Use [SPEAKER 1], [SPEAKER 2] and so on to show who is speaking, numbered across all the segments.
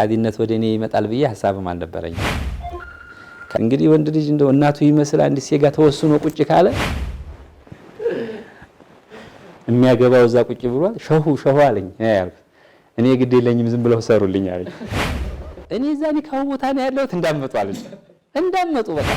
[SPEAKER 1] ቃዲነት ወደ እኔ ይመጣል ብዬ ሀሳብም አልነበረኝ። እንግዲህ ወንድ ልጅ እንደው እናቱ ይመስል አንድ ሴጋ ተወስኖ ቁጭ ካለ የሚያገባው እዛ ቁጭ ብሏል። ሸሁ ሸሁ አለኝ ያልኩት እኔ ግድ የለኝም ዝም ብለው ሰሩልኝ አለኝ። እኔ እዛ ኒካሁ ቦታ ነው ያለሁት። እንዳመጡ አለ እንዳመጡ በቃ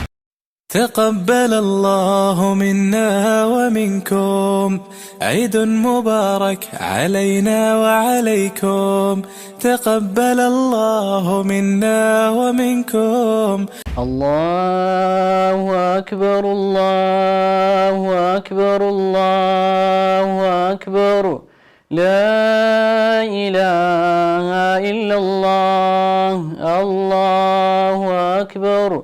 [SPEAKER 2] تقبل الله منا ومنكم عيد مبارك علينا وعليكم تقبل الله منا ومنكم الله أكبر الله أكبر الله أكبر لا إله إلا الله الله أكبر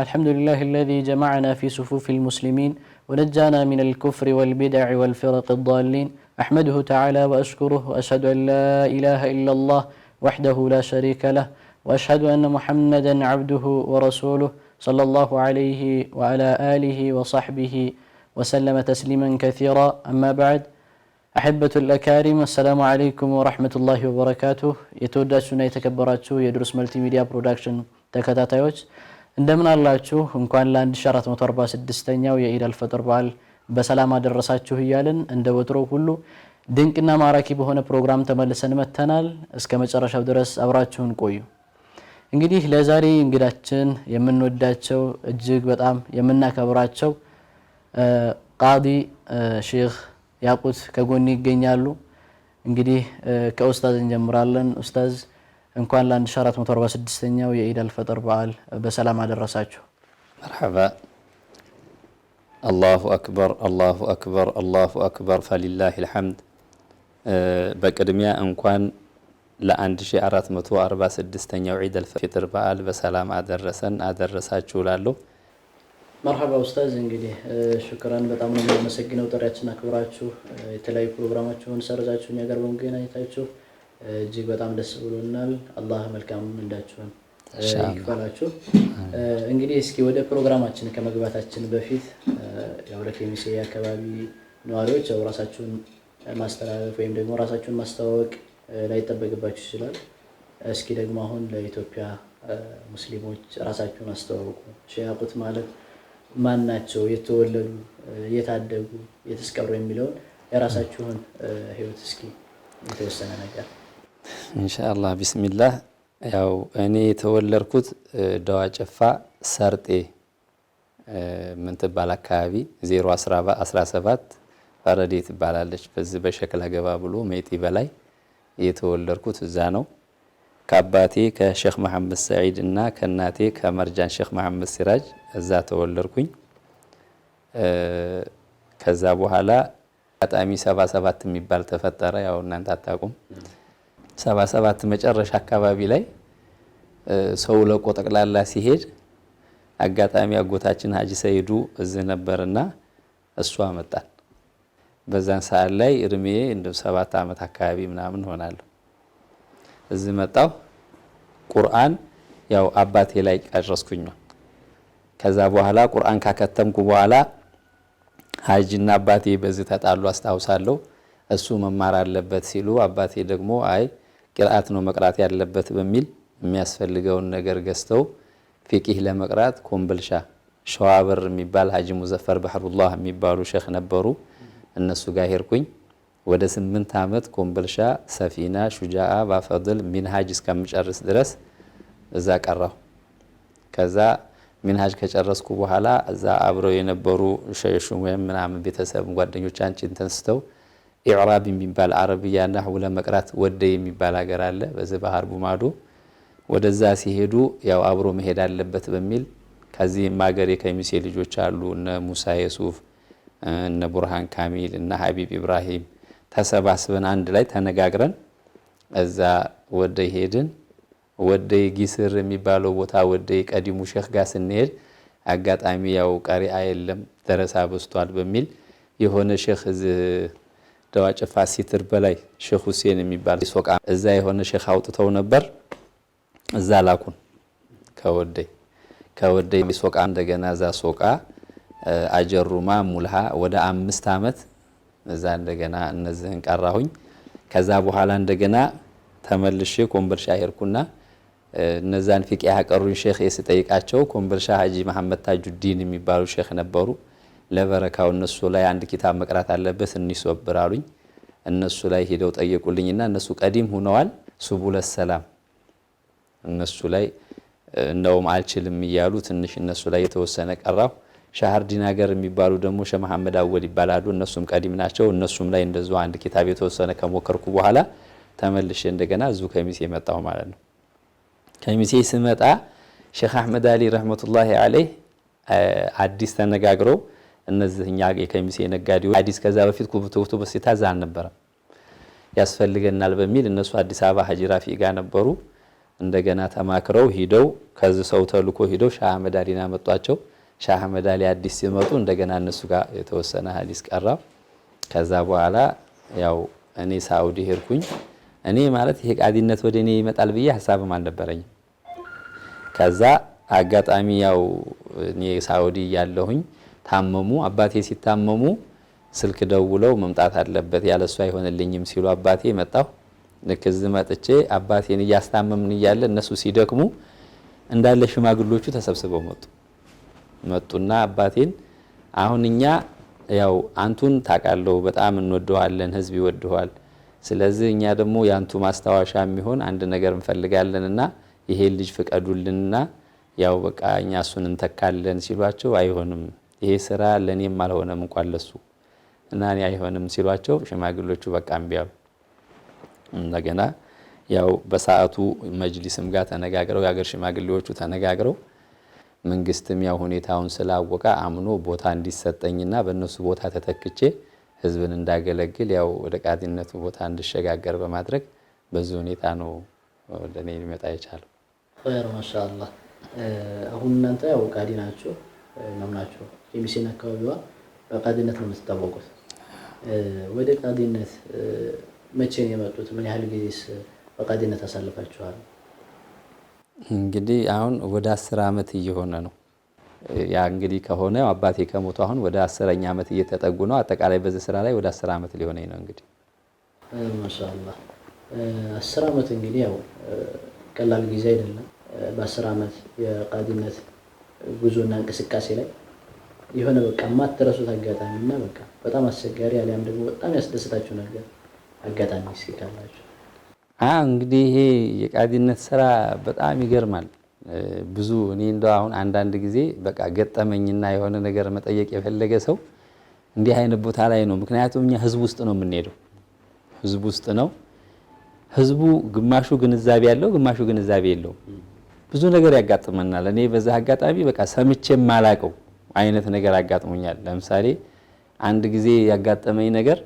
[SPEAKER 2] الحمد لله الذي جمعنا في صفوف المسلمين ونجانا من الكفر والبدع والفرق الضالين أحمده تعالى وأشكره وأشهد أن لا إله إلا الله وحده لا شريك له وأشهد أن محمدا عبده ورسوله صلى الله عليه وعلى آله وصحبه وسلم تسليما كثيرا أما بعد أحبة الأكارم السلام عليكم ورحمة الله وبركاته يتودى سنة تكبراتو يدرس ملتي ميديا برودكشن تكتاتيوش እንደምን አላችሁ? እንኳን ለ1446ኛው የኢድ አልፈጥር በዓል በሰላም አደረሳችሁ እያልን እንደ ወትሮ ሁሉ ድንቅና ማራኪ በሆነ ፕሮግራም ተመልሰን መጥተናል። እስከ መጨረሻው ድረስ አብራችሁን ቆዩ። እንግዲህ ለዛሬ እንግዳችን የምንወዳቸው እጅግ በጣም የምናከብራቸው ቃዲ ሼክ ያቁት ከጎን ይገኛሉ። እንግዲህ ከኡስታዝ እንጀምራለን። ኡስታዝ እንኳን ለ1446ኛው የኢድ አልፈጥር በዓል በሰላም አደረሳችሁ።
[SPEAKER 3] መርሐባ። አላሁ አክበር፣ አላሁ አክበር፣ አላሁ አክበር ፈሊላህ ልሐምድ። በቅድሚያ እንኳን ለ1446ኛው ዒድ አልፈጥር በዓል በሰላም አደረሰን አደረሳችሁ እላለሁ።
[SPEAKER 4] መርሐባ ኡስታዝ፣ እንግዲህ ሹክራን በጣም ነው የምናመሰግነው። ጥሪያችን አክብራችሁ የተለያዩ ፕሮግራማችሁን ሰርዛችሁ እኛ ጋር በመገናኘታችሁ እጅግ በጣም ደስ ብሎናል። አላህ መልካም እንዳችሁን ይክፈላችሁ። እንግዲህ እስኪ ወደ ፕሮግራማችን ከመግባታችን በፊት ያው ለኬሚሴ አካባቢ ነዋሪዎች ያው ራሳችሁን ማስተላለፍ ወይም ደግሞ ራሳችሁን ማስተዋወቅ ላይጠበቅባችሁ ይችላል። እስኪ ደግሞ አሁን ለኢትዮጵያ ሙስሊሞች ራሳችሁን አስተዋውቁ። ሸያቁት ማለት ማን ናቸው፣ የተወለዱ፣ የታደጉ፣ የተስቀሩ የሚለውን የራሳችሁን ህይወት እስኪ የተወሰነ
[SPEAKER 1] ነገር እንሻአላ ቢስሚላህ። ያው እኔ የተወለድኩት ደዋ ጨፋ ሰርጤ ምን ትባል አካባቢ 017 ፈረዴ ትባላለች። በዚህ በሸክላ ገባ ብሎ ሜጢ በላይ የተወለድኩት እዛ ነው። ከአባቴ ከሼክ መሐመድ ሰዒድ እና ከእናቴ ከመርጃን ሼክ መሐመድ ሲራጅ እዛ ተወለድኩኝ። ከዛ በኋላ አጋጣሚ 77 የሚባል ተፈጠረ። ያው እናንተ አታውቁም ሰባ ሰባት መጨረሻ አካባቢ ላይ ሰው ለቆ ጠቅላላ ሲሄድ አጋጣሚ አጎታችን ሀጂ ሰይዱ እዚህ ነበርና እሱ አመጣን። በዛን ሰዓት ላይ እድሜ እንደ ሰባት ዓመት አካባቢ ምናምን ሆናለሁ። እዚህ መጣሁ። ቁርአን ያው አባቴ ላይ ቀረስኩኝ ከዛ በኋላ ቁርአን ካከተምኩ በኋላ ሀጂና አባቴ በዚህ ተጣሉ አስታውሳለሁ። እሱ መማር አለበት ሲሉ አባቴ ደግሞ አይ ቅርአት ነው መቅራት ያለበት በሚል የሚያስፈልገውን ነገር ገዝተው ፍቂህ ለመቅራት ኮምበልሻ ሸዋበር የሚባል ሀጂ ሙዘፈር ባህሩላህ የሚባሉ ሼክ ነበሩ። እነሱ ጋር ሄድኩኝ። ወደ ስምንት ዓመት ኮምበልሻ፣ ሰፊና፣ ሹጃአ፣ ባፈድል ሚንሃጅ እስከምጨርስ ድረስ እዛ ቀራሁ። ከዛ ሚንሃጅ ከጨረስኩ በኋላ እዛ አብረው የነበሩ ሸሹ ወይም ምናምን ቤተሰብ ጓደኞች አንቺን ተንስተው ኢዕራብ የሚባል አረብያ ናሕው ለመቅራት ወደ የሚባል ሀገር አለ። በዚህ ባህር ቡማዶ ወደዛ ሲሄዱ ያው አብሮ መሄድ አለበት በሚል ከዚህም ሀገር የከሚሴ ልጆች አሉ እነ ሙሳ የሱፍ፣ እነ ቡርሃን ካሚል፣ እነ ሀቢብ ኢብራሂም ተሰባስበን አንድ ላይ ተነጋግረን እዛ ወደ ሄድን። ወደ ጊስር የሚባለው ቦታ ወደ ቀዲሙ ሼክ ጋር ስንሄድ አጋጣሚ ያው ቀሪአ የለም ደረሳ በስቷል በሚል የሆነ ሼክ ደዋጭ ፋሲትር በላይ ሼክ ሁሴን የሚባል ሶቃ እዛ የሆነ ሼክ አውጥተው ነበር። እዛ ላኩን ከወደይ ከወደይ ሶቃ እንደገና እዛ ሶቃ አጀሩማ ሙልሃ ወደ አምስት ዓመት እዛ እንደገና እነዚህን ቀራሁኝ። ከዛ በኋላ እንደገና ተመልሼ ኮምቦልቻ ሄድኩና እነዛን ፊቅ ያቀሩኝ ሼክ የስጠይቃቸው ኮምቦልቻ ሀጂ መሐመድ ታጁዲን የሚባሉ ሼክ ነበሩ። ለበረካው እነሱ ላይ አንድ ኪታብ መቅራት አለበት እንይሶብር አሉኝ። እነሱ ላይ ሄደው ጠየቁልኝና እነሱ ቀዲም ሁነዋል። ሱቡለ ሰላም እነሱ ላይ እንደውም አልችልም እያሉ ትንሽ እነሱ ላይ የተወሰነ ቀራሁ። ሻህር ዲናገር የሚባሉ ደግሞ ሸህ መሐመድ አወል ይባላሉ። እነሱም ቀዲም ናቸው። እነሱም ላይ እንደዙ አንድ ኪታብ የተወሰነ ከሞከርኩ በኋላ ተመልሼ እንደገና እዙ ከሚሴ መጣሁ ማለት ነው። ከሚሴ ስመጣ ሼክ አሕመድ አሊ ረሕመቱላሂ አለይህ አዲስ ተነጋግረው እነዚህ እኛ የከሚሴ ነጋዴዎች አዲስ ከዛ በፊት ኩብቱብቱ በስታዝ አልነበረም ያስፈልገናል በሚል እነሱ አዲስ አበባ ሀጂ ራፊ ጋር ነበሩ። እንደገና ተማክረው ሂደው ከዚህ ሰው ተልኮ ሂደው ሻህ አህመድ አሊና መጧቸው። ሻህ አህመድ አሊ አዲስ ሲመጡ እንደገና እነሱ ጋር የተወሰነ ሀዲስ ቀራ። ከዛ በኋላ ያው እኔ ሳውዲ ሄድኩኝ። እኔ ማለት ይሄ ቃዲነት ወደ እኔ ይመጣል ብዬ ሀሳብም አልነበረኝም። ከዛ አጋጣሚ ያው እኔ ሳውዲ ያለሁኝ ታመሙ። አባቴ ሲታመሙ ስልክ ደውለው መምጣት አለበት ያለሱ አይሆንልኝም ሲሉ አባቴ መጣሁ። ልክ እዚህ መጥቼ አባቴን እያስታመምን እያለ እነሱ ሲደክሙ እንዳለ ሽማግሎቹ ተሰብስበው መጡ መጡና አባቴን አሁን እኛ ያው አንቱን ታውቃለሁ በጣም እንወደዋለን፣ ህዝብ ይወደዋል። ስለዚህ እኛ ደግሞ የአንቱ ማስታወሻ የሚሆን አንድ ነገር እንፈልጋለንና ይሄን ልጅ ፍቀዱልንና ያው በቃ እኛ እሱን እንተካለን ሲሏቸው አይሆንም ይሄ ስራ ለእኔም አልሆነም እንኳን ለሱ እና እኔ አይሆንም ሲሏቸው ሽማግሎቹ በቃ እምቢ አሉ። እንደገና ያው በሰዓቱ መጅሊስም ጋር ተነጋግረው የአገር ሽማግሌዎቹ ተነጋግረው መንግስትም ያው ሁኔታውን ስላወቀ አምኖ ቦታ እንዲሰጠኝና በእነሱ ቦታ ተተክቼ ህዝብን እንዳገለግል ያው ወደ ቃዲነቱ ቦታ እንድሸጋገር በማድረግ በዚህ ሁኔታ ነው ለእኔ ሊመጣ የቻለው።
[SPEAKER 4] ማሻ አሁን እናንተ ያው ቃዲ ናቸው ነምናቸው የሚሴን አካባቢዋ በቃድነት ነው የምትታወቁት። ወደ ቃዲነት መቼ ነው የመጡት? ምን ያህል ጊዜስ በቃዲነት አሳልፋችኋል?
[SPEAKER 1] እንግዲህ አሁን ወደ አስር ዓመት እየሆነ ነው። ያ እንግዲህ ከሆነ አባቴ ከሞቱ አሁን ወደ አስረኛ ዓመት እየተጠጉ ነው። አጠቃላይ በዚህ ስራ ላይ ወደ አስር ዓመት ሊሆነኝ ነው። እንግዲህ
[SPEAKER 4] ማሻአላ አስር ዓመት እንግዲህ ያው ቀላል ጊዜ አይደለም። በአስር ዓመት የቃዲነት ጉዞና እንቅስቃሴ ላይ የሆነ በቃ የማትረሱት አጋጣሚ እና በቃ በጣም አስቸጋሪ አሊያም ደግሞ በጣም ያስደስታችሁ ነገር አጋጣሚ ሲካላችሁ
[SPEAKER 1] እንግዲህ ይሄ የቃዲነት ስራ በጣም ይገርማል። ብዙ እኔ እንደ አሁን አንዳንድ ጊዜ በቃ ገጠመኝና የሆነ ነገር መጠየቅ የፈለገ ሰው እንዲህ አይነት ቦታ ላይ ነው። ምክንያቱም እኛ ህዝብ ውስጥ ነው የምንሄደው፣ ህዝብ ውስጥ ነው። ህዝቡ ግማሹ ግንዛቤ ያለው፣ ግማሹ ግንዛቤ የለውም። ብዙ ነገር ያጋጥመናል። እኔ በዛ አጋጣሚ በቃ ሰምቼ የማላቀው አይነት ነገር አጋጥሞኛል። ለምሳሌ አንድ ጊዜ ያጋጠመኝ ነገር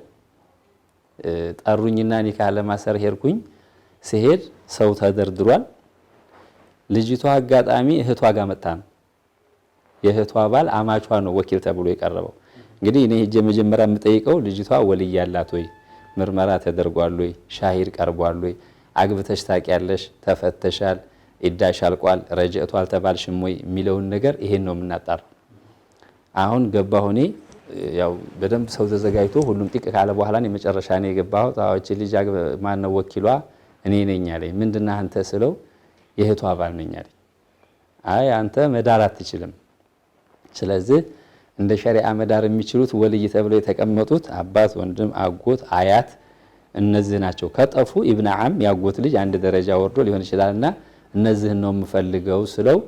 [SPEAKER 1] ጠሩኝና ኒካ ለማሰር ሄድኩኝ። ስሄድ ሰው ተደርድሯል። ልጅቷ አጋጣሚ እህቷ ጋር መጣ ነው። የእህቷ ባል አማቿ ነው ወኪል ተብሎ የቀረበው። እንግዲህ እኔ ሄጄ መጀመሪያ የምጠይቀው ልጅቷ ወልይ ያላት ወይ፣ ምርመራ ተደርጓል ወይ፣ ሻሂድ ቀርቧል ወይ፣ አግብተሽ ታውቂያለሽ፣ ተፈተሻል፣ ኢዳሽ አልቋል፣ ረጀእቱ አልተባልሽም ወይ የሚለውን ነገር ይሄን ነው የምናጣረው። አሁን ገባሁ እኔ ያው በደንብ ሰው ተዘጋጅቶ ሁሉም ጥቅ ካለ በኋላ የመጨረሻ ነው የገባው። ታዋች ልጅ ነው ወኪሏ እኔ ነኝ አለኝ። ምንድና አንተ ስለው የእህቱ አባል ነኝ አለኝ። አይ አንተ መዳር አትችልም። ስለዚህ እንደ ሸሪዓ መዳር የሚችሉት ወልይ ተብለው የተቀመጡት አባት፣ ወንድም፣ አጎት፣ አያት እነዚህ ናቸው። ከጠፉ ኢብን ዓም ያጎት ልጅ አንድ ደረጃ ወርዶ ሊሆን ይችላልና እነዚህን ነው የምፈልገው ስለው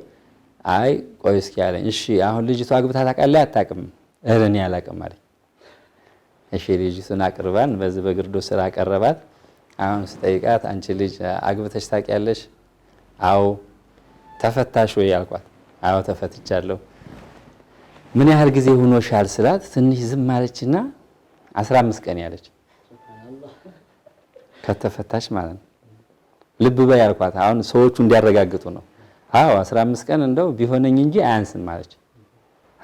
[SPEAKER 1] አይ ቆይ እስኪ አለኝ። እሺ አሁን ልጅቷ አግብታ ታውቃለህ? አታውቅም? ኧረ እኔ አላውቅም አለኝ። እሺ ልጅቱን አቅርባን በዚህ በግርዶ ስራ አቀረባት። አሁን ስጠይቃት አንቺ ልጅ አግብተሽ ታውቂያለሽ? አዎ። ተፈታሽ ወይ አልኳት። አዎ ተፈትቻለሁ። ምን ያህል ጊዜ ሆኖሻል ስላት ትንሽ ዝም አለችና አስራ አምስት ቀን ያለች ከተፈታሽ ማለት ነው። ልብ በይ አልኳት። አሁን ሰዎቹ እንዲያረጋግጡ ነው አዎ 15 ቀን እንደው ቢሆነኝ እንጂ አያንስም ማለች።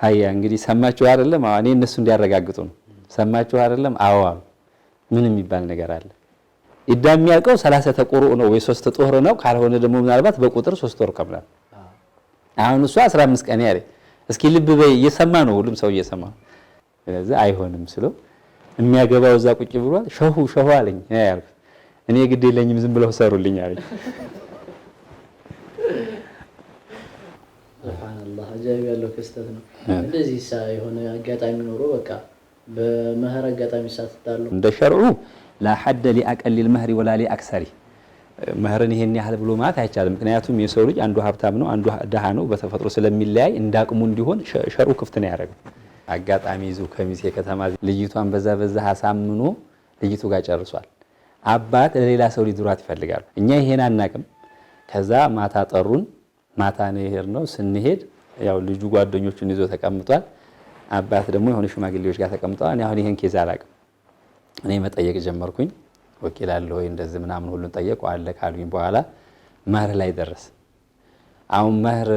[SPEAKER 1] አያ እንግዲህ ሰማችሁ አይደለም? አዎ እኔ እነሱ እንዲያረጋግጡ ነው። ሰማችሁ አይደለም? አዎ አሉ። ምን የሚባል ነገር አለ? ኢዳ የሚያልቀው ሰላሳ ተቆሮ ነው ወይ ሶስት ጦር ነው። ካልሆነ ደግሞ ምናልባት በቁጥር ሶስት ጦር ከምናል አሁን እሱ 15 ቀን ያለ እስኪ ልብ በይ እየሰማ ነው፣ ሁሉም ሰው እየሰማ ስለዚህ አይሆንም ስለው የሚያገባው እዛ ቁጭ ብሏል። ሸሁ ሸሁ አለኝ ያልኩት እኔ ግድ የለኝም ዝም ብለው ሰሩልኝ አለኝ።
[SPEAKER 4] ስብሓንላህ አጃቢ ያለው ክስተት ነው። እንደዚህ የሆነ አጋጣሚ ኖሮ በቃ በመህር አጋጣሚ ሳትታሉ
[SPEAKER 1] እንደ ሸርዑ ላሐደ ሊአቀሊል መህሪ ወላ ሊአክሰሪ መህርን ይሄን ያህል ብሎ ማለት አይቻልም። ምክንያቱም የሰው ልጅ አንዱ ሀብታም ነው፣ አንዱ ድሃ ነው። በተፈጥሮ ስለሚለያይ እንዳቅሙ እንዲሆን ሸርዑ ክፍት ነው ያደረገው። አጋጣሚ ይዞ ከሚሴ ከተማ ልጅቷን በዛ በዛ አሳምኖ ልጅቱ ጋር ጨርሷል። አባት ለሌላ ሰው ሊድሯት ይፈልጋሉ። እኛ ይሄን አናቅም። ከዛ ማታ ጠሩን። ማታ ነው ነው ስንሄድ ያው ልጁ ጓደኞቹን ይዞ ተቀምጧል። አባት ደግሞ የሆነ ሽማግሌዎች ጋር ተቀምጠዋል። እኔ አሁን ይህን ኬዝ አላቅም። እኔ መጠየቅ ጀመርኩኝ። ወኪል አለ ወይ እንደዚህ ምናምን ሁሉን ጠየቁ። አለ ካሉኝ በኋላ መህር ላይ ደረስ። አሁን መህር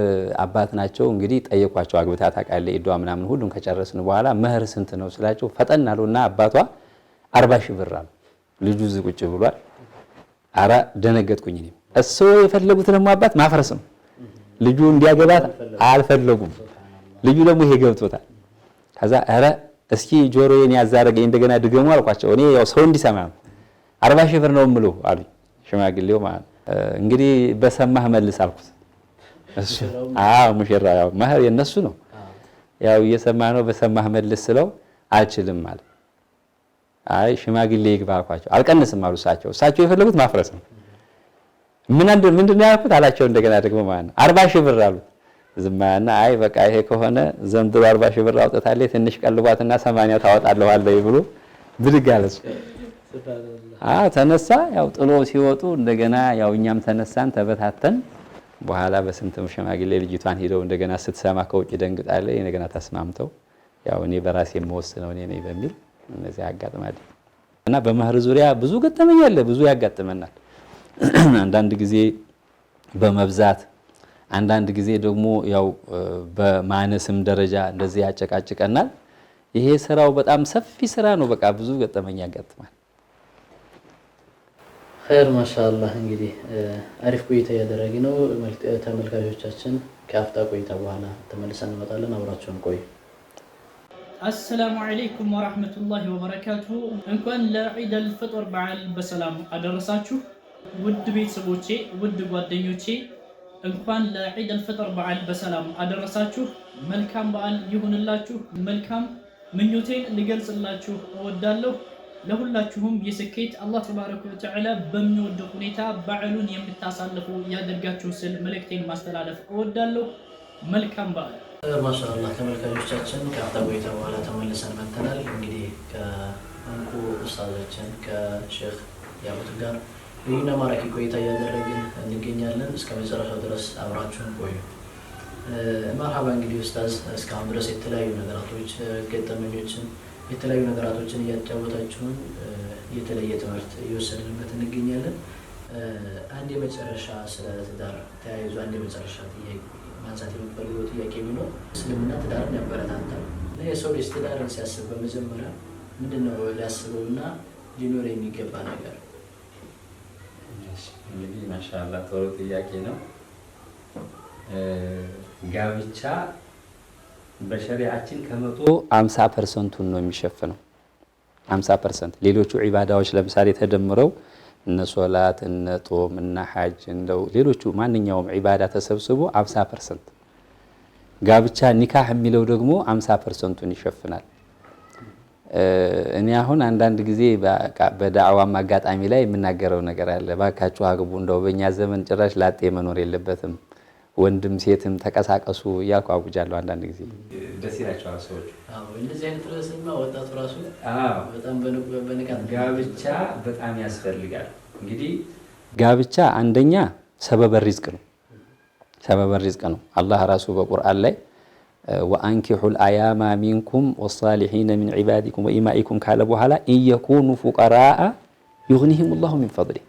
[SPEAKER 1] አባት ናቸው እንግዲህ ጠየቋቸው። አግብታ ታውቃለህ ኢዷ ምናምን ሁሉን ከጨረስን በኋላ መህር ስንት ነው ስላቸው ፈጠን አሉና አባቷ አርባ ሺህ ብር አሉ። ልጁ እዚህ ቁጭ ብሏል። አራ ደነገጥኩኝ። እሱ የፈለጉት ደግሞ አባት ማፍረስ ነው ልጁ እንዲያገባት አልፈለጉም። ልጁ ደግሞ ይሄ ገብቶታል። ከዛ ኧረ እስኪ ጆሮዬን ያዛረገኝ እንደገና ድገሙ አልኳቸው። እኔ ያው ሰው እንዲሰማ አርባ ሺህ ብር ነው የምልህ አሉኝ ሽማግሌው ማለት እንግዲህ በሰማህ መልስ አልኩት። እሱ አዎ ሙሽራ ያው ማህር የነሱ ነው ያው እየሰማህ ነው በሰማህ መልስ ስለው አልችልም ማለት አይ ሽማግሌ ይግባ አልኳቸው። አልቀንስም አሉ እሳቸው እሳቸው የፈለጉት ማፍረስ ነው። ምን አንድ ምንድን ነው ያልኩት አላቸው። እንደገና ደግሞ ማለት ነው አርባ ሺህ ብር አሉት። ያና አይ በቃ ይሄ ከሆነ ዘንድሮ አርባ ሺህ ብር አውጥታለች ትንሽ ቀልቧትና ሰማንያ ታወጣለሁ አለኝ ብሎ ብድግ አለች። አዎ ተነሳ። ያው ጥሎ ሲወጡ እንደገና ያው እኛም ተነሳን ተበታተን። በኋላ በስንትም ሽማግሌ ልጅቷን ሄደው እንደገና ስትሰማ ከውጭ ደንግጣለች። እንደገና ተስማምተው ያው እኔ በራሴ የምወስነው እኔ ነኝ በሚል እነዚህ አጋጥማለች እና በመህር ዙሪያ ብዙ ገጠመኝ ብዙ ያጋጥመናል። አንዳንድ ጊዜ በመብዛት አንዳንድ ጊዜ ደግሞ ያው በማነስም ደረጃ እንደዚህ ያጨቃጭቀናል። ይሄ ስራው በጣም ሰፊ ስራ ነው። በቃ ብዙ ገጠመኝ ያጋጥማል።
[SPEAKER 4] ኸይር ማሻአላህ። እንግዲህ አሪፍ ቆይታ እያደረግ ነው ተመልካቾቻችን። ከአፍታ ቆይታ በኋላ ተመልሰን እንመጣለን። አብራችሁን ቆዩ።
[SPEAKER 2] አሰላሙ አለይኩም ወራህመቱላሂ ወበረካቱሁ። እንኳን ለዒደል ፍጥር በዓል በሰላም አደረሳችሁ። ውድ ቤተሰቦቼ፣ ውድ ጓደኞቼ እንኳን ለዒድ አልፈጥር በዓል በሰላም አደረሳችሁ። መልካም በዓል ይሁንላችሁ። መልካም ምኞቴን ልገልጽላችሁ እወዳለሁ። ለሁላችሁም የስኬት አላህ ተባረከ ወተዓላ በሚወደው ሁኔታ በዓሉን የምታሳልፉ ያደርጋችሁ ስል መልእክቴን ማስተላለፍ እወዳለሁ። መልካም በዓል።
[SPEAKER 4] ማሻአላህ ተመልካቾቻችን፣ ከአፍታ በኋላ ተመልሰን መተናል። እንግዲህ ከእንቁ ኡስታዛችን ከሼክ ያቡት ጋር ይህን ማራኪ ቆይታ እያደረግን እንገኛለን። እስከ መጨረሻው ድረስ አብራችሁን ቆዩ። መርሀባ እንግዲህ ኡስታዝ እስካሁን ድረስ የተለያዩ ነገራቶች፣ ገጠመኞችን፣ የተለያዩ ነገራቶችን እያጫወታችሁን የተለየ ትምህርት እየወሰድንበት እንገኛለን። አንድ የመጨረሻ ስለ ትዳር ተያይዞ አንድ የመጨረሻ ጥያቄ ማንሳት የሚፈልገው ጥያቄ ቢኖር እስልምና ትዳርን ያበረታታል እና የሰው ልጅ ትዳርን ሲያስብ በመጀመሪያ ምንድን ነው ሊያስበው እና ሊኖር የሚገባ ነገር
[SPEAKER 1] እንግዲህ ማሻላ ቶሎ ጥያቄ ነው። ጋብቻ በሸሪያችን ከመቶ አምሳ ፐርሰንቱን ነው የሚሸፍነው። አምሳ ፐርሰንት ሌሎቹ ዒባዳዎች ለምሳሌ ተደምረው እነ ሶላት፣ እነ ጦም፣ እነ ሐጅ እንደው ሌሎቹ ማንኛውም ዒባዳ ተሰብስቦ አምሳ ፐርሰንት። ጋብቻ ኒካህ የሚለው ደግሞ አምሳ ፐርሰንቱን ይሸፍናል። እኔ አሁን አንዳንድ ጊዜ በዳዕዋም አጋጣሚ ላይ የምናገረው ነገር አለ። እባካችሁ አግቡ፣ እንደው በእኛ ዘመን ጭራሽ ላጤ መኖር የለበትም፣ ወንድም ሴትም ተቀሳቀሱ እያልኩ አውጃለሁ። አንዳንድ ጊዜ ደስ ይላቸዋል ሰዎች።
[SPEAKER 4] እንደዚህ አይነት ርዕስማ ወጣቱ ራሱ በጣም በንቃት
[SPEAKER 1] ጋብቻ በጣም ያስፈልጋል። እንግዲህ ጋብቻ አንደኛ ሰበበ ሪዝቅ ነው፣ ሰበበ ሪዝቅ ነው። አላህ ራሱ በቁርአን ላይ ወአንኪሑል አያማ ሚንኩም ወሳሊሒነ ሚን ዒባዲኩም ወኢማኢኩም ካለ በኋላ እየኩኑ ፉቀራአ ዩግኒሂም ላሁ ሚን ፈድሊህ።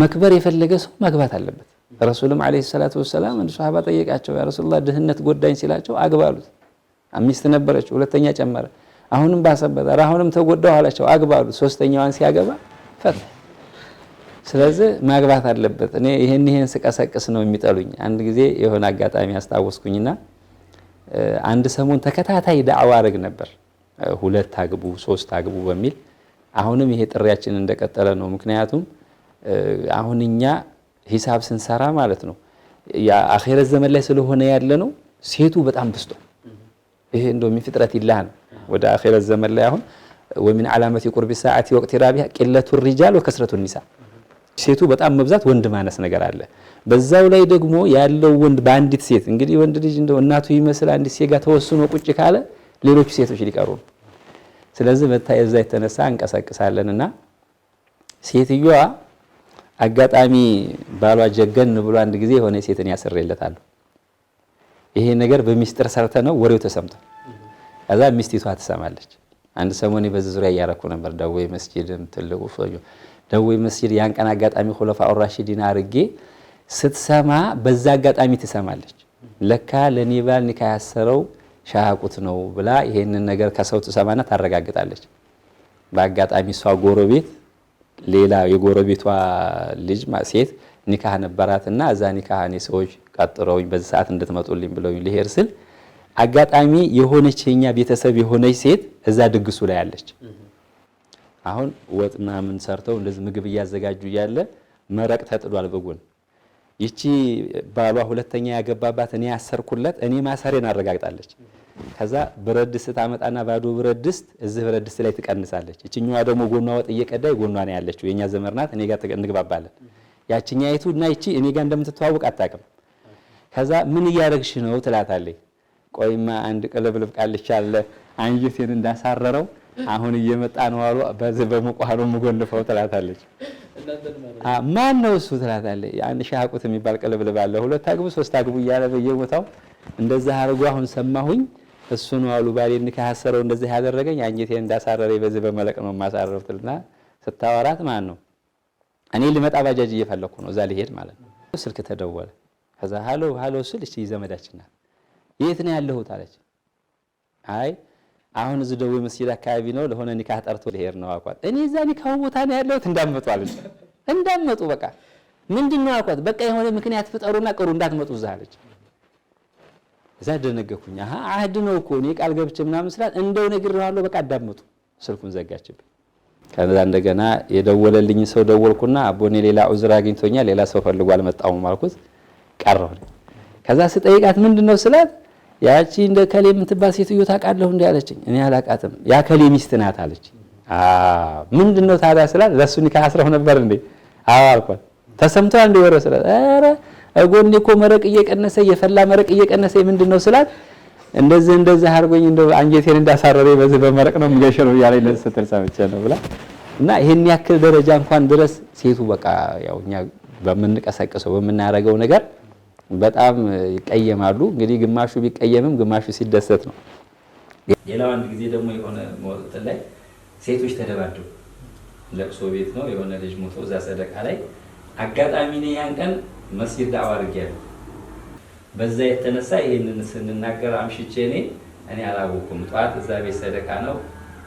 [SPEAKER 1] መክበር የፈለገ ሰው ማግባት አለበት። ረሱልም ዓለይሂ ሰላቱ ወሰላም አንድ ሶሓባ ጠየቃቸው፣ ያ ረሱሉላህ ድህነት ጎዳኝ ሲላቸው አግባሉት። አምስት ነበረች፣ ሁለተኛ ጨመረ። አሁንም ባሰበት፣ አሁንም ተጎዳሁ አላቸው፣ አግባሉት። ሶስተኛዋን ሲያገባ ፈታ። ስለዚህ ማግባት አለበት። እኔ ይህን ይህን ስቀሰቅስ ነው የሚጠሉኝ። አንድ ጊዜ የሆነ አጋጣሚ አስታወስኩኝና አንድ ሰሞን ተከታታይ ዳዕዋ አረግ ነበር፣ ሁለት አግቡ፣ ሶስት አግቡ በሚል አሁንም ይሄ ጥሪያችን እንደቀጠለ ነው። ምክንያቱም አሁን እኛ ሂሳብ ስንሰራ ማለት ነው የአኼረት ዘመን ላይ ስለሆነ ያለ ነው። ሴቱ በጣም ብስጦ ይሄ እንደ ሚን ፍጥረት ይላህ ነው ወደ አኼረት ዘመን ላይ አሁን ወሚን ዓላመት ቁርቢ ሰዓት ወቅት ራቢያ ቅለቱ ሪጃል ወከስረቱ ኒሳ ሴቱ በጣም መብዛት ወንድ ማነስ ነገር አለ። በዛው ላይ ደግሞ ያለው ወንድ በአንዲት ሴት እንግዲህ ወንድ ልጅ እንደው እናቱ ይመስል አንዲት ሴት ጋር ተወስኖ ቁጭ ካለ ሌሎቹ ሴቶች ሊቀሩ ነው። ስለዚህ እዛ የተነሳ እንቀሳቅሳለንና ሴትዮዋ አጋጣሚ ባሏ ጀገን ብሎ አንድ ጊዜ የሆነ ሴትን ያስሬለታለሁ። ይሄ ነገር በሚስጥር ሰርተ ነው ወሬው ተሰምቷል። ከዛ ሚስቲቷ ትሰማለች። አንድ ሰሞኔ በዚህ ዙሪያ እያረኩ ነበር። ደዌ መስጂድም ትልቁ ደዌ መስጂድ ያን ቀን አጋጣሚ ሁለፋ ራሽዲን አርጌ ስትሰማ በዛ አጋጣሚ ትሰማለች። ለካ ለኔ ባል ኒካ ያሰረው ሻቁት ነው ብላ ይሄንን ነገር ከሰው ትሰማና ታረጋግጣለች። በአጋጣሚ እሷ ጎረቤት ሌላ የጎረቤቷ ልጅ ሴት ኒካህ ነበራትና እዛ ኒካህ እኔ ሰዎች ቀጥረውኝ በዚህ ሰዓት እንድትመጡልኝ ብለውኝ ልሄድ ስል አጋጣሚ የሆነች የኛ ቤተሰብ የሆነች ሴት እዛ ድግሱ ላይ አለች። አሁን ወጥ ምናምን ሰርተው እንደዚህ ምግብ እያዘጋጁ እያለ መረቅ ተጥሏል በጎን ይቺ ባሏ ሁለተኛ ያገባባት እኔ ያሰርኩለት እኔ ማሰሬን አረጋግጣለች። ከዛ ብረት ድስት ታመጣና ባዶ ብረት ድስት እዚህ ብረት ድስት ላይ ትቀንሳለች። እችኛዋ ደግሞ ጎኗ ወጥ እየቀዳ ጎኗ ነው ያለችው የእኛ ዘመድ ናት። እኔ ጋር እንግባባለን። ያችኛ አይቱ እና ይቺ እኔ ጋር እንደምትተዋወቅ አታውቅም። ከዛ ምን እያደረግሽ ነው ትላታለች። ቆይማ አንድ ቅልብልብ ቃልቻ አለ አንጀቴን እንዳሳረረው አሁን እየመጣ ነው አሉ በዚህ በሙቋኑ የምጎንፈው ትላታለች። ማን ነው እሱ ትላታለች። አንድ ሻቁት የሚባል ቅልብልብ አለ። ሁለት አግቡ ሶስት አግቡ እያለ በየቦታው እንደዛ አርጎ አሁን ሰማሁኝ እሱ ነው አሉ ባሌ ካሰረው እንደዚህ ያደረገኝ አንጀቴን እንዳሳረረ በዚህ በመለቅ ነው የማሳረረው ትልና ስታወራት ማን ነው እኔ ልመጣ ባጃጅ እየፈለኩ ነው እዛ ሊሄድ ማለት ነው። ስልክ ተደወለ። ከዛ ሃሎ ሃሎ ስል እቺ ዘመዳችን ናት። የት ነው ያለሁት አለች። አይ አሁን እዚህ ደዌ መስጊድ አካባቢ ነው ለሆነ ኒካህ ጠርቶ ልሄድ ነው አልኳት። እኔ እዛ ኒካሁ ቦታ ነው ያለሁት እንዳመጧል እንዳመጡ በቃ ምንድን ነው አልኳት። በቃ የሆነ ምክንያት ፍጠሩና ቅሩ እንዳትመጡ እዛ አለች። እዛ ደነገኩኝ። አሀ አህድ ነው እኮ እኔ ቃል ገብቼ ምናምን ስላት እንደው ነግሬዋለሁ በቃ እንዳመጡ ስልኩን ዘጋችብኝ። ከዛ እንደገና የደወለልኝ ሰው ደወልኩና አቦኔ ሌላ ዑዝር አግኝቶኛል ሌላ ሰው ፈልጎ አልመጣሁም አልኩት። ቀረሁ ከዛ ስጠይቃት ምንድን ነው ስላት ያቺ እንደ ከሌ የምትባል ሴትዮ ታውቃለሁ እንዲ አለችኝ። እኔ አላውቃትም፣ ያ ከሌ ሚስት ናት አለች። ምንድን ነው ታዲያ ስላል ለእሱ ኒካ አስረው ነበር እንዴ? አዎ አልኳት። ተሰምቷል እንደ ወረ ስላት፣ ኧረ እጎኔ እኮ መረቅ እየቀነሰ የፈላ መረቅ እየቀነሰ ምንድን ነው ስላት፣ እንደዚህ እንደዚህ አድርጎኝ እንደ አንጀቴን እንዳሳረረ በዚህ በመረቅ ነው የሚገሸረው እያለኝ ለእሱ ስትል ሰምቼ ነው ብላ እና ይሄን ያክል ደረጃ እንኳን ድረስ ሴቱ በቃ ያው እኛ በምንቀሰቅሰው በምናደርገው ነገር በጣም ይቀየማሉ። እንግዲህ ግማሹ ቢቀየምም ግማሹ ሲደሰት ነው።
[SPEAKER 4] ሌላው አንድ ጊዜ ደግሞ የሆነ መወጥን ላይ ሴቶች ተደባደቡ። ለቅሶ ቤት ነው የሆነ ልጅ ሞቶ እዛ ሰደቃ ላይ አጋጣሚ ነ ያን ቀን መስጊድ ዳዕዋ አድርጌያለሁ። በዛ የተነሳ ይህንን ስንናገር አምሽቼ እኔ እኔ አላወኩም። ጠዋት እዛ ቤት ሰደቃ ነው፣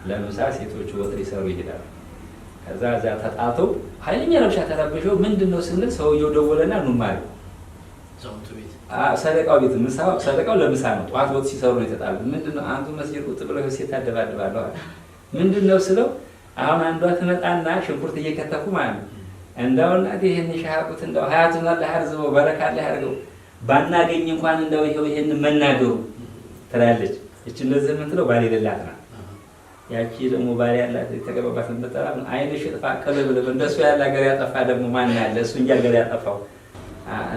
[SPEAKER 4] ለምሳ ሴቶቹ ወጥ ሊሰሩ ይሄዳሉ። ከዛ እዛ ተጣቶ ኃይለኛ ረብሻ ተረብሸው ምንድን ነው ስንል ሰውየው ደወለና ኑማሪ ሰደቃው ቤት ምሳ ሰደቃው ለምሳ ነው። ጠዋት ወጥ ሲሰሩ ነው የተጣሉት። ምንድነው አንዱ መስጊድ ቁጭ ብለው ሴት ታደባድባለሁ አለ። ምንድነው ስለው አሁን አንዷ ትመጣና ሽንኩርት እየከተፉ ማለት ነው እንዳው እናቴ ይሄን ሻቁት እንዳው ሀያቱን አለ ያርዝበው በረካ አለ ያርገው ባናገኝ እንኳን እንዳው ይሄው ይሄን መናገሩ ትላለች። እቺ እንደዚህ የምትለው ባል የሌላት ናት። ያቺ ደግሞ ባል ያላት የተገባባት በጣም አይንሽ ጥፋ ቀለብለብ እንደሱ ያለ ሀገር ያጠፋ ደግሞ ማን ያለ እሱ እንጂ ሀገር ያጠፋው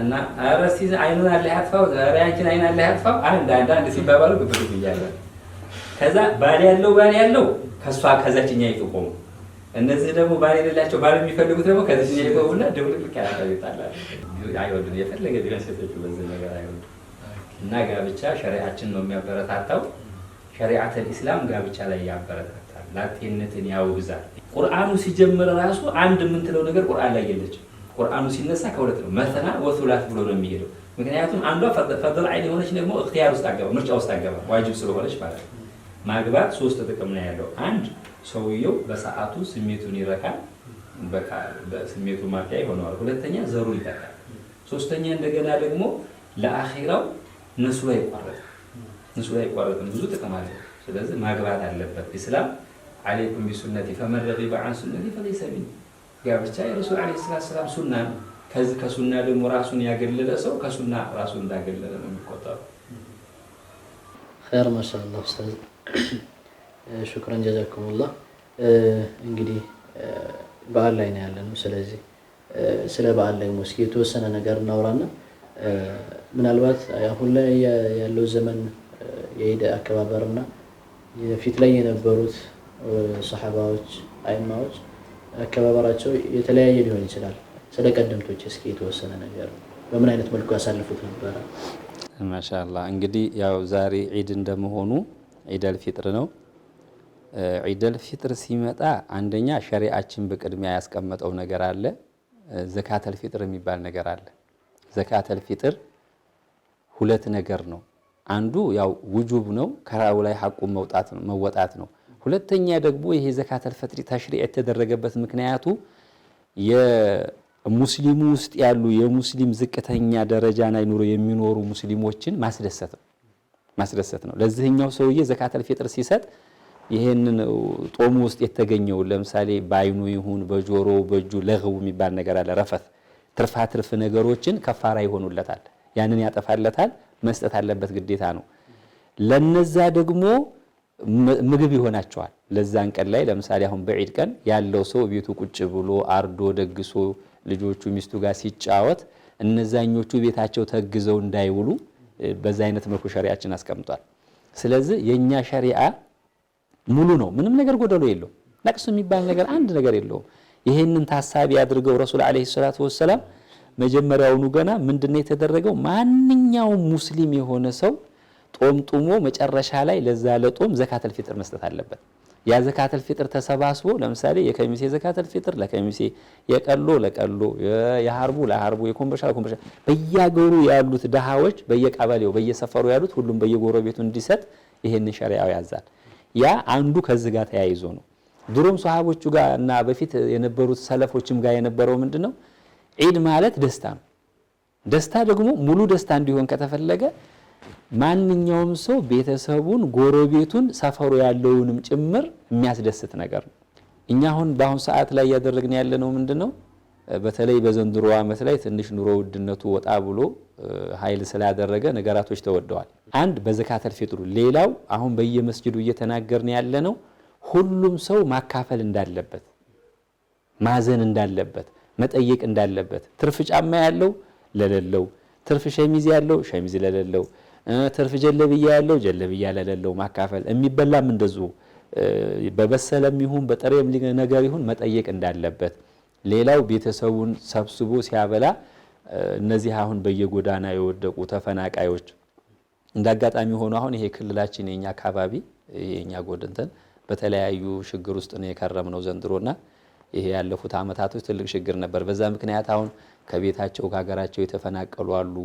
[SPEAKER 4] እና ኧረ እስኪ አይኑን አለ ያፋው ዛሬ አንቺን አይን አለ ያፋው አንድ አንድ አንድ ሲባባሉ ግብር ከዛ ባል ያለው ባል ያለው ከእሷ ከዛችኛ ይቆሙ እነዚህ ደግሞ ባል የሌላቸው ባል የሚፈልጉት ደግሞ ይቆሙና የፈለገ ቢሆን በዚህ ነገር እና ጋብቻ ነው የሚያበረታታው። ኢስላም ጋብቻ ላይ ያበረታታል፣ ላጤነትን ያውግዛል። ቁርአኑ ሲጀምር ራሱ አንድ የምንትለው ነገር ቁርአን ላይ የለችም። ቁርአኑ ሲነሳ ከሁለት ነው፣ መተና ወሱላት ብሎ ነው የሚሄደው። ምክንያቱም አንዷ ፈርደል አይን የሆነች ደግሞ እክትያር ውስጥ አገባ ምርጫ ውስጥ አገባ ዋጅብ ስለሆነች ማለት ነው። ማግባት ሶስት ጥቅም ነው ያለው። አንድ ሰውየው በሰዓቱ ስሜቱን ይረካል፣ ስሜቱ ማርያ ይሆነዋል። ሁለተኛ ዘሩ ይተካል። ሶስተኛ እንደገና ደግሞ ለአኺራው ንስሩ አይቋረጥም፣ ንስሩ አይቋረጥም። ብዙ ጥቅም አለው። ስለዚህ ማግባት አለበት። ኢስላም አለይኩም ቢሱነቲ ፈመን ረጊበ ዐን ሱነቲ ፈለይሰ ሚንኒ ጋብቻ የረሱ ዓለይሂ ሰላቱ ወሰላም ሱና ነው። ከዚህ ከሱና ደግሞ ራሱን ያገለለ ሰው ከሱና ራሱን እንዳገለለ ነው የሚቆጠሩ። ኸይር ማሻአላህ ኡስታዝ ሹክረን ጀዛኩሙላህ። እንግዲህ በዓል ላይ ነው ነው። ስለዚህ ስለ በዓል ላይ ሞስ የተወሰነ ነገር እናውራና ምናልባት አሁን ላይ ያለው ዘመን የሄደ አከባበርና ፊት ላይ የነበሩት ሰሓባዎች አይማዎች አከባበራቸው የተለያየ ሊሆን ይችላል። ስለ ቀደምቶች እስኪ የተወሰነ ነገር በምን አይነት መልኩ ያሳልፉት ነበረ?
[SPEAKER 1] ማሻላ እንግዲህ ያው ዛሬ ዒድ እንደመሆኑ ዒደል ፊጥር ነው። ዒደል ፊጥር ሲመጣ አንደኛ ሸሪአችን በቅድሚያ ያስቀመጠው ነገር አለ። ዘካተል ፊጥር የሚባል ነገር አለ። ዘካተል ፊጥር ሁለት ነገር ነው። አንዱ ያው ውጁብ ነው፣ ከራው ላይ ሐቁን መውጣት መወጣት ነው ሁለተኛ ደግሞ ይሄ ዘካተል ፈጥሪ ተሽሪዕ የተደረገበት ምክንያቱ የሙስሊሙ ውስጥ ያሉ የሙስሊም ዝቅተኛ ደረጃ ላይ ኑሮ የሚኖሩ ሙስሊሞችን ማስደሰት ነው ማስደሰት ነው። ለዚህኛው ሰውዬ ዘካተል ፊጥር ሲሰጥ ይህንን ጦሙ ውስጥ የተገኘው ለምሳሌ በአይኑ ይሁን በጆሮ በእጁ ለህቡ የሚባል ነገር አለ። ረፈት ትርፋ ትርፍ ነገሮችን ከፋራ ይሆኑለታል። ያንን ያጠፋለታል። መስጠት አለበት፣ ግዴታ ነው። ለነዛ ደግሞ ምግብ ይሆናቸዋል ለዛን ቀን ላይ ለምሳሌ አሁን በዒድ ቀን ያለው ሰው ቤቱ ቁጭ ብሎ አርዶ ደግሶ ልጆቹ ሚስቱ ጋር ሲጫወት እነዛኞቹ ቤታቸው ተግዘው እንዳይውሉ በዛ አይነት መልኩ ሸሪያችን አስቀምጧል። ስለዚህ የእኛ ሸሪአ ሙሉ ነው፣ ምንም ነገር ጎደሎ የለው፣ ነቅሱ የሚባል ነገር አንድ ነገር የለውም። ይህንን ታሳቢ አድርገው ረሱል ዓለይሂ ሰላቱ ወሰላም መጀመሪያውኑ ገና ምንድነው የተደረገው ማንኛውም ሙስሊም የሆነ ሰው ጦምጡሞ መጨረሻ ላይ ለዛ ለጦም ዘካተል ፊጥር መስጠት አለበት። ያ ዘካተል ፊጥር ተሰባስቦ ለምሳሌ የከሚሴ ዘካተል ፊጥር ለከሚሴ፣ የቀሎ ለቀሎ፣ የሀርቡ ለሀርቡ፣ የኮምበሻ ለኮምበሻ በያገሩ ያሉት ድሃዎች በየቀበሌው በየሰፈሩ ያሉት ሁሉም በየጎረቤቱ እንዲሰጥ ይሄንን ሸሪያው ያዛል። ያ አንዱ ከዚህ ጋር ተያይዞ ነው። ድሮም ሰሃቦቹ ጋር እና በፊት የነበሩት ሰለፎችም ጋር የነበረው ምንድን ነው? ዒድ ማለት ደስታ ነው። ደስታ ደግሞ ሙሉ ደስታ እንዲሆን ከተፈለገ ማንኛውም ሰው ቤተሰቡን፣ ጎረቤቱን፣ ሰፈሩ ያለውንም ጭምር የሚያስደስት ነገር ነው። እኛ አሁን በአሁኑ ሰዓት ላይ እያደረግን ያለነው ምንድን ነው? በተለይ በዘንድሮ ዓመት ላይ ትንሽ ኑሮ ውድነቱ ወጣ ብሎ ኃይል ስላደረገ ነገራቶች ተወደዋል። አንድ በዘካተል ፊጥሩ፣ ሌላው አሁን በየመስጅዱ እየተናገርን ያለነው ሁሉም ሰው ማካፈል እንዳለበት፣ ማዘን እንዳለበት፣ መጠየቅ እንዳለበት ትርፍ ጫማ ያለው ለሌለው፣ ትርፍ ሸሚዝ ያለው ሸሚዝ ለሌለው ትርፍ ጀለብያ ያለው ጀለብያ ለሌለው ማካፈል፣ የሚበላም እንደዙ በበሰለም ይሁን በጥሬም ነገር ይሁን መጠየቅ እንዳለበት። ሌላው ቤተሰቡን ሰብስቦ ሲያበላ እነዚህ አሁን በየጎዳና የወደቁ ተፈናቃዮች እንደ አጋጣሚ ሆኖ አሁን ይሄ ክልላችን የኛ አካባቢ የኛ ጎድንተን በተለያዩ ችግር ውስጥ ነው የከረምነው ዘንድሮና ይሄ ያለፉት አመታቶች ትልቅ ችግር ነበር። በዛ ምክንያት አሁን ከቤታቸው ከሀገራቸው የተፈናቀሉ አሉ።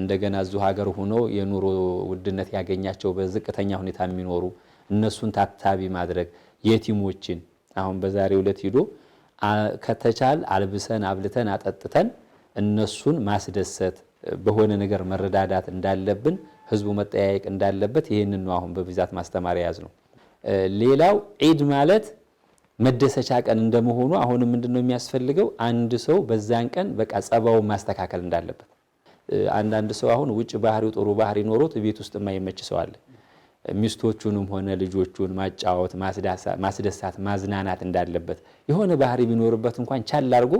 [SPEAKER 1] እንደገና እዚሁ ሀገር ሆኖ የኑሮ ውድነት ያገኛቸው በዝቅተኛ ሁኔታ የሚኖሩ እነሱን ታታቢ ማድረግ የቲሞችን አሁን በዛሬ ዕለት ሂዶ ከተቻል አልብሰን አብልተን አጠጥተን እነሱን ማስደሰት በሆነ ነገር መረዳዳት እንዳለብን ህዝቡ መጠያየቅ እንዳለበት ይህንን ነው አሁን በብዛት ማስተማር የያዝ ነው። ሌላው ዒድ ማለት መደሰቻ ቀን እንደመሆኑ አሁንም ምንድነው የሚያስፈልገው አንድ ሰው በዛን ቀን በቃ ጸባውን ማስተካከል እንዳለበት አንዳንድ ሰው አሁን ውጭ ባህሪው ጥሩ ባህሪ ኖሮት ቤት ውስጥ የማይመች ሰው አለ። ሚስቶቹንም ሆነ ልጆቹን ማጫወት፣ ማስደሳት፣ ማዝናናት እንዳለበት የሆነ ባህሪ ቢኖርበት እንኳን ቻል አድርጎ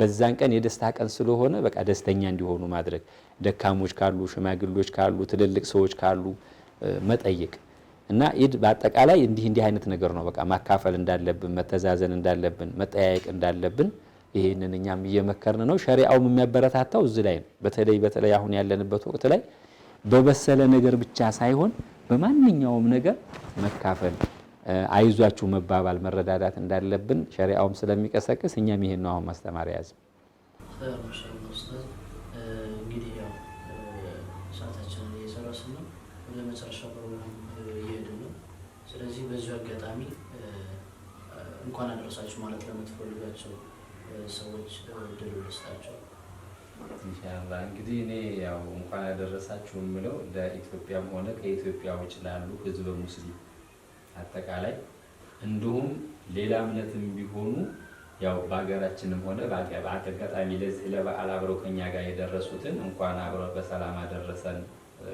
[SPEAKER 1] በዛን ቀን የደስታ ቀን ስለሆነ በቃ ደስተኛ እንዲሆኑ ማድረግ፣ ደካሞች ካሉ፣ ሽማግሎች ካሉ፣ ትልልቅ ሰዎች ካሉ መጠየቅ እና ኢድ በአጠቃላይ እንዲህ እንዲህ አይነት ነገር ነው። በቃ ማካፈል እንዳለብን፣ መተዛዘን እንዳለብን፣ መጠያየቅ እንዳለብን ይህንን እኛም እየመከርን ነው። ሸሪአውም የሚያበረታታው እዚህ ላይ ነው። በተለይ በተለይ አሁን ያለንበት ወቅት ላይ በበሰለ ነገር ብቻ ሳይሆን በማንኛውም ነገር መካፈል፣ አይዟችሁ መባባል፣ መረዳዳት እንዳለብን ሸሪአውም ስለሚቀሰቅስ እኛም ይህን ነው አሁን ማስተማር ያዝ
[SPEAKER 4] ስለዚህ በዚሁ አጋጣሚ እንኳን አደረሳችሁ ማለት ለምትፈልጋቸው ሰዎች ድሉ ልስጣቸው። ኢንሻላ እንግዲህ እኔ ያው እንኳን ያደረሳችሁ የምለው ለኢትዮጵያም ሆነ ከኢትዮጵያ ውጭ ላሉ ህዝበ ሙስሊም አጠቃላይ እንዲሁም ሌላ እምነትም ቢሆኑ ያው በሀገራችንም ሆነ በአጋጣሚ ለዚህ ለበዓል አብረው ከኛ ጋር የደረሱትን እንኳን አብረው በሰላም አደረሰን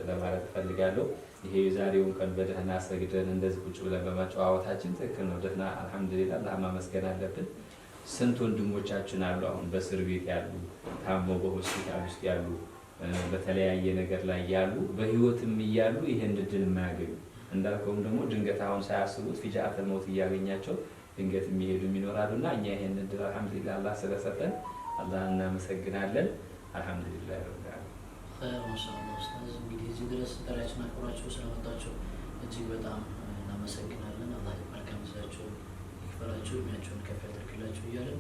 [SPEAKER 4] ለማለት እፈልጋለሁ። ይሄ የዛሬውን ቀን በደህና ሰግደን እንደዚህ ቁጭ ብለን በመጨዋወታችን ትክክል ነው። ደህና አልሐምዱሊላ ማመስገን አለብን። ስንት ወንድሞቻችን አሉ አሁን በእስር ቤት ያሉ ታሞ በሆስፒታል ውስጥ ያሉ በተለያየ ነገር ላይ ያሉ በህይወትም እያሉ ይህን ድል የማያገኙ እንዳልከውም ደግሞ ድንገት አሁን ሳያስቡት ፊጃአተ ሞት እያገኛቸው ድንገት የሚሄዱ የሚኖራሉ እና እኛ ይህን ድል አልሐምዱሊላ አላህ ስለሰጠን አላህ እናመሰግናለን። አልሐምዱሊላ ይረዳል። እንግዲህ እዚህ ድረስ ጥሪያችን እጅግ በጣም እናመሰግናለን። አላህ መልካም ከፍ ታደርጋላችሁ እያለን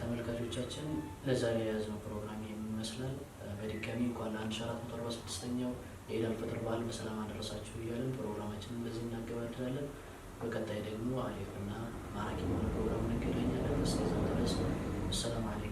[SPEAKER 4] ተመልካቾቻችን ለዛሬ የያዝነው ፕሮግራም ይመስላል። በድጋሚ እንኳን ለአንድ ለ1446ኛው የኢድ አልፈጥር በዓል በሰላም አደረሳችሁ እያለን ፕሮግራማችንን በዚህ እናገባድራለን። በቀጣይ ደግሞ አሪፍና ማራኪ ሆነ ፕሮግራም እንገናኛለን። እስከዛ ድረስ ሰላም አሌ